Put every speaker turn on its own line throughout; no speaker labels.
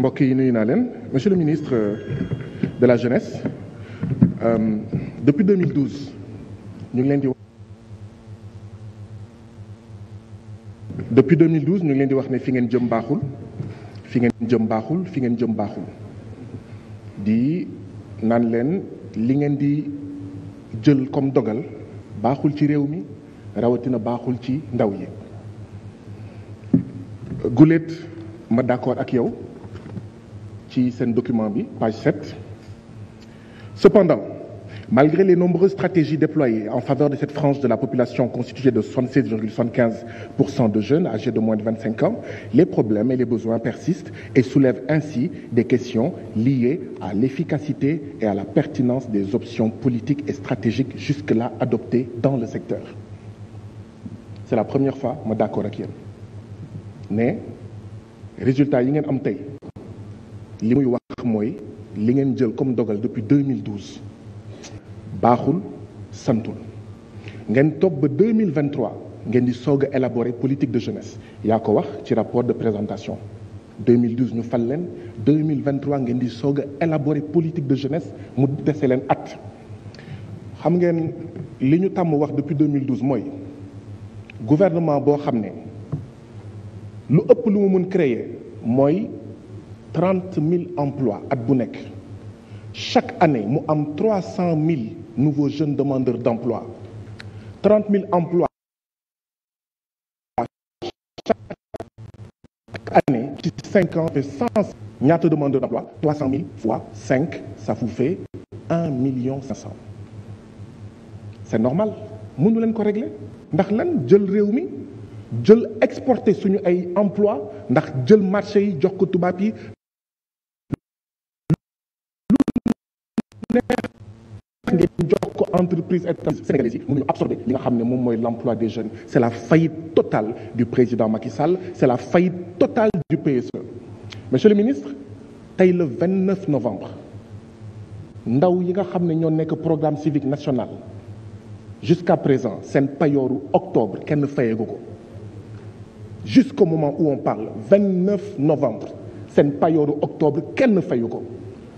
mbokk yi nuyu naa leen monsieur le ministre euh, de la jeunesse euh, depuis 2012 ñu ngi leen di. depuis 2012 ñu ngi leen di wax ne fi ngeen jëm baaxul fi ngeen jëm baaxul fi ngeen jëm baaxul di naan leen li ngeen di jël comme dogal baaxul ci réew mi rawatina baaxul ci ndaw yi. Goulet ma d'accord ak yow. ci seen document bi page 7 cependant malgré les nombreuses stratégies déployées en faveur de cette frange de la population constituée de 76,75% de jeunes âgés de moins de 25 ans les problèmes et les besoins persistent et soulèvent ainsi des questions liées à l'efficacité et à la pertinence des options politiques et stratégiques jusque-là adoptées dans le secteur c'est la première fois ma d'accord ak yéen résultat yi ngeen am tey li muy wax mooy li ngeen jël comme dogal depuis 2012 baaxul santul ngeen toog ba 2023 ngeen di soog a élaborer politique de jeunesse yaa ko wax ci rapport de présentation 2012 ñu fal leen 2023 ngeen di soog a élaborer politique de jeunesse mu dese leen at. xam ngeen li ñu tàmm wax depuis 2012 mooy gouvernement boo xam ne lu ëpp lu mu mën créer mooy. trente mille emplois ak bu nekk chaque année mu am trois cent mille nouveaux jeunes demandeurs d'emploi trente mille emplois chaque année ci cinq ans de cent ñaata demandeurs d'emploi trois cent mille fois cinq ça vous fait un million cinq cent c'est normal mënu leen ko régler ndax lan jël réew mi jël exporter suñu ay emploi ndax jël marché yi jox ko tubaab yi ngeen jox ko entreprise état sénégalais yi mënuñu absorbé li nga xam ne moom mooy l'emploi des jeunes c'est la faillite totale du président Macky Sall c'est la faillite totale du PSE monsieur le ministre tey le 29 novembre ndaw yi nga xam ne ñoo nekk programme civique national jusqu'à présent seen payooru octobre kenn fayee ko jusqu'au moment où on parle 29 novembre seen payooru octobre kenn fayu ko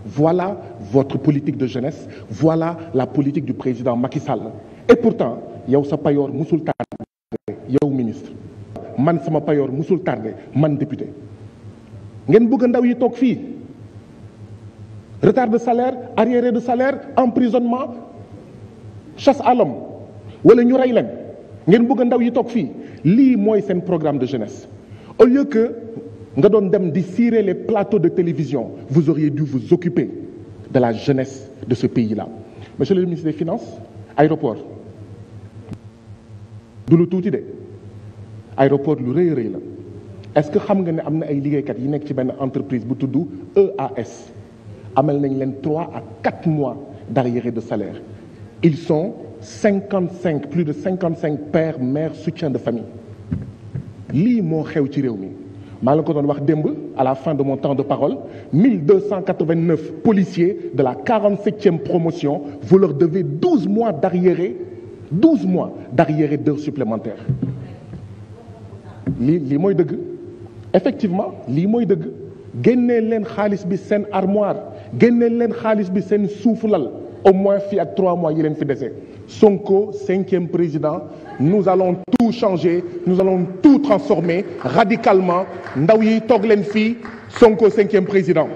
Voilà votre politique de jeunesse voilà la politique du président Macky Sall et pourtant yow sa payoor musul tardé yow ministre man sama payoor musul tardé man député ngeen bëgg ndaw yi toog fii retard de salaire arriéré de salaire emprisonnement chasse à l'homme wala ñu rey leen ngeen bëgg ndaw yi toog fi lii mooy seen programme de jeunesse au lieu que nga doon dem di cirer les plateaux de télévision vous auriez dû vous occuper de la jeunesse de ce pays-là monsieur le ministre des finances aéroport du lu tuuti de aéroport lu rëy rëy la est-ce que xam nga ne am na ay liggéeykat yi nekk ci benn entreprise bu tudd EAS amal nañ leen trois à quatre mois d'arriérés de salaire ils sont cinquante cinq plus de cinquante cinq pères mères soutiens de famille lii moo xew ci réew mi maa la ko doon wax démb à la fin de mon temps de parole 1289 policiers de la 47e promotion vous leur devez 12 mois d'arriérés 12 mois d'arriérés d'heures supplémentaires lii lii mooy dëgg effectivement lii mooy dëgg génnee leen xaalis bi seen armoire génnee leen xaalis bi seen suufu au moins fii ak trois mois yi leen fi dese Sonko cinquième président nous allons tout changer nous allons tout transformer radicalement ndaw yi toog leen fii Sonko cinquième président.